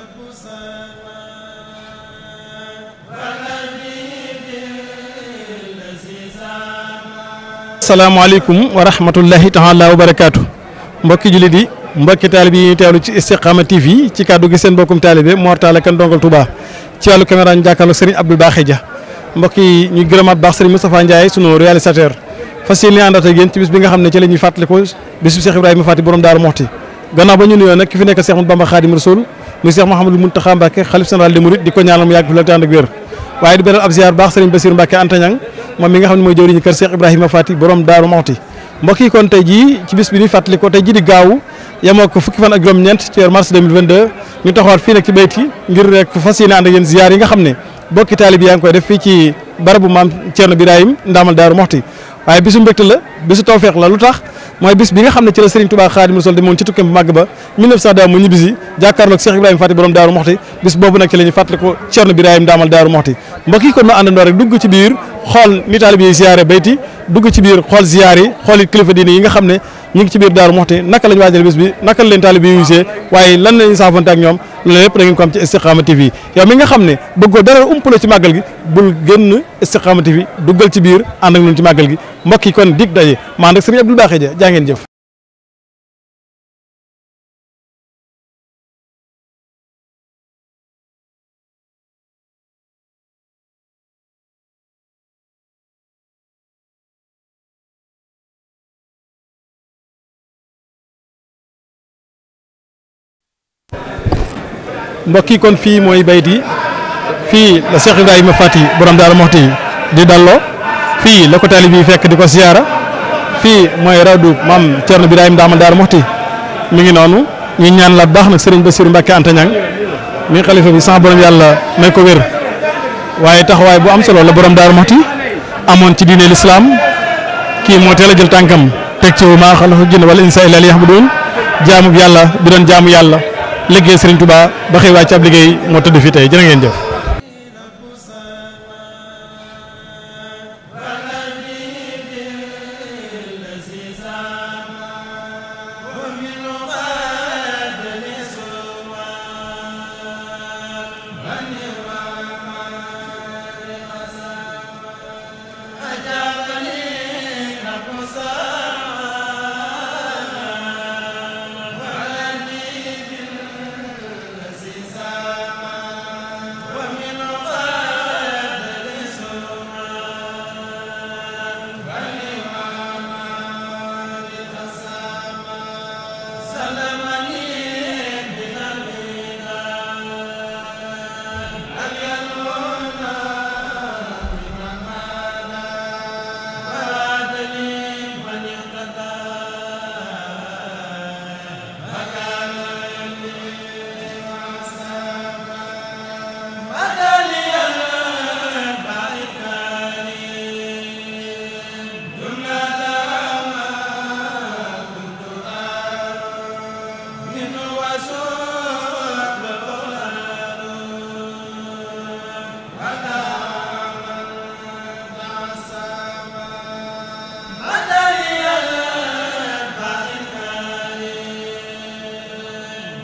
asalaamaaleykum wa rahmatullahi taala wa barakaatu mbokki jullit yi mbokki taalibe yi ñuy teewlu ci Istikhama TV ci kàddu gi seen bokkum taalibe Mor Talla Kane Dongal Touba ci wàllu caméra ñu jàkkaarloo Serigne Abdou Bakhy Dia ñu gërëmaat baax Serigne Moustapha Ndiaye sunu réalisateur fas yéene àndaat ak yéen ci bis bi nga xam ne ci la ñuy fàttaliku bis bi Cheikh Ibrahima Faty borom Daaru Moxti gannaaw ba ñu nuyoo nag ki fi nekk Cheikh Ahmadou Bamba Khadim muy Cheikh Mouhamadou Mountakha Mbacké xalif général des mourides di ko ñaanal mu yàgg fi la tànd ak wér waaye di beral ab ziar baax sëriñ Bassirou Mbacké Antañang moom mi nga xam ne mooy jëwriñu kër Cheikh Ibrahima Fati borom Daaru Muxti mbokk kon tey jii ci bis bi ñuy ko tey jii di gaaw yemoo ko fukki fan ak juróom-ñeent ci weer mars 2022 ñu taxawaat fii nag ci bayt ngir rek fas yéene ànd nga xam ne bokki taalib yaa ngi koy def fii ci barabu maam Thierno Birahim Ndaamal Daaru Muxti waaye bisu mbégte la bisu tawfeex la lu tax mooy bis bi nga xam ne ci la Serigne Touba Xaadimu Rasuul demoon ci tukkeem bu màgg ba 1900 daaw mu ñibbisi jàkkaarloog Cheikh Ibrahima Faty borom Daaru Moxti bis boobu nag ci la ñu fàttali ko Cerno Birahim daamal Daaru Moxti mbokk yi kon noo àndandoo rek dugg ci biir xool li taalib yi ziyaare bayti dugg ci biir xool ziyaar yi xool it kilifa diine yi nga xam ne ñu ngi ci biir Daaru Muxti naka lañu waajal bis bi naka la leen taalib yi gisee waaye lan lañu saafante ak ñoom loolu yëpp da ngeen ko am ci Istikhama TV yow mi nga xam ne bëggoo dara umpale ci màggal gi bul génn Istikhama TV duggal ci biir ànd ak ñun ci màggal gi mbokk yi kon dig daje maa nag Sëriñ Abdul Baaxe ja jaa ngeen jëf mbokk yi kon fii mooy bayti fii la Cheikh Ibrahima Fati borom Daaru Muxti di dalloo fii la ko taalib yi fekk di ko siyaara fii mooy rawdu maam Thierno Birahim daamal Daaru Muxti mu ngi noonu ñu ñaan la baax na Serigne Bassirou Mbacke Anta Niang mi xalifa bi sax borom yàlla may ko wér waaye taxawaay boo am solo la borom Daaru Muxti amoon ci diine lislaam kii moo teel jël tànkam teg ci wu maa xalaqa jinna wal insa illa liya'budun jaamu yàlla bi doon jaamu yàlla. liggéey Serigne Touba ba xëy wàcc ab liggéey moo tëdd fii tey jërë ngeen jëf.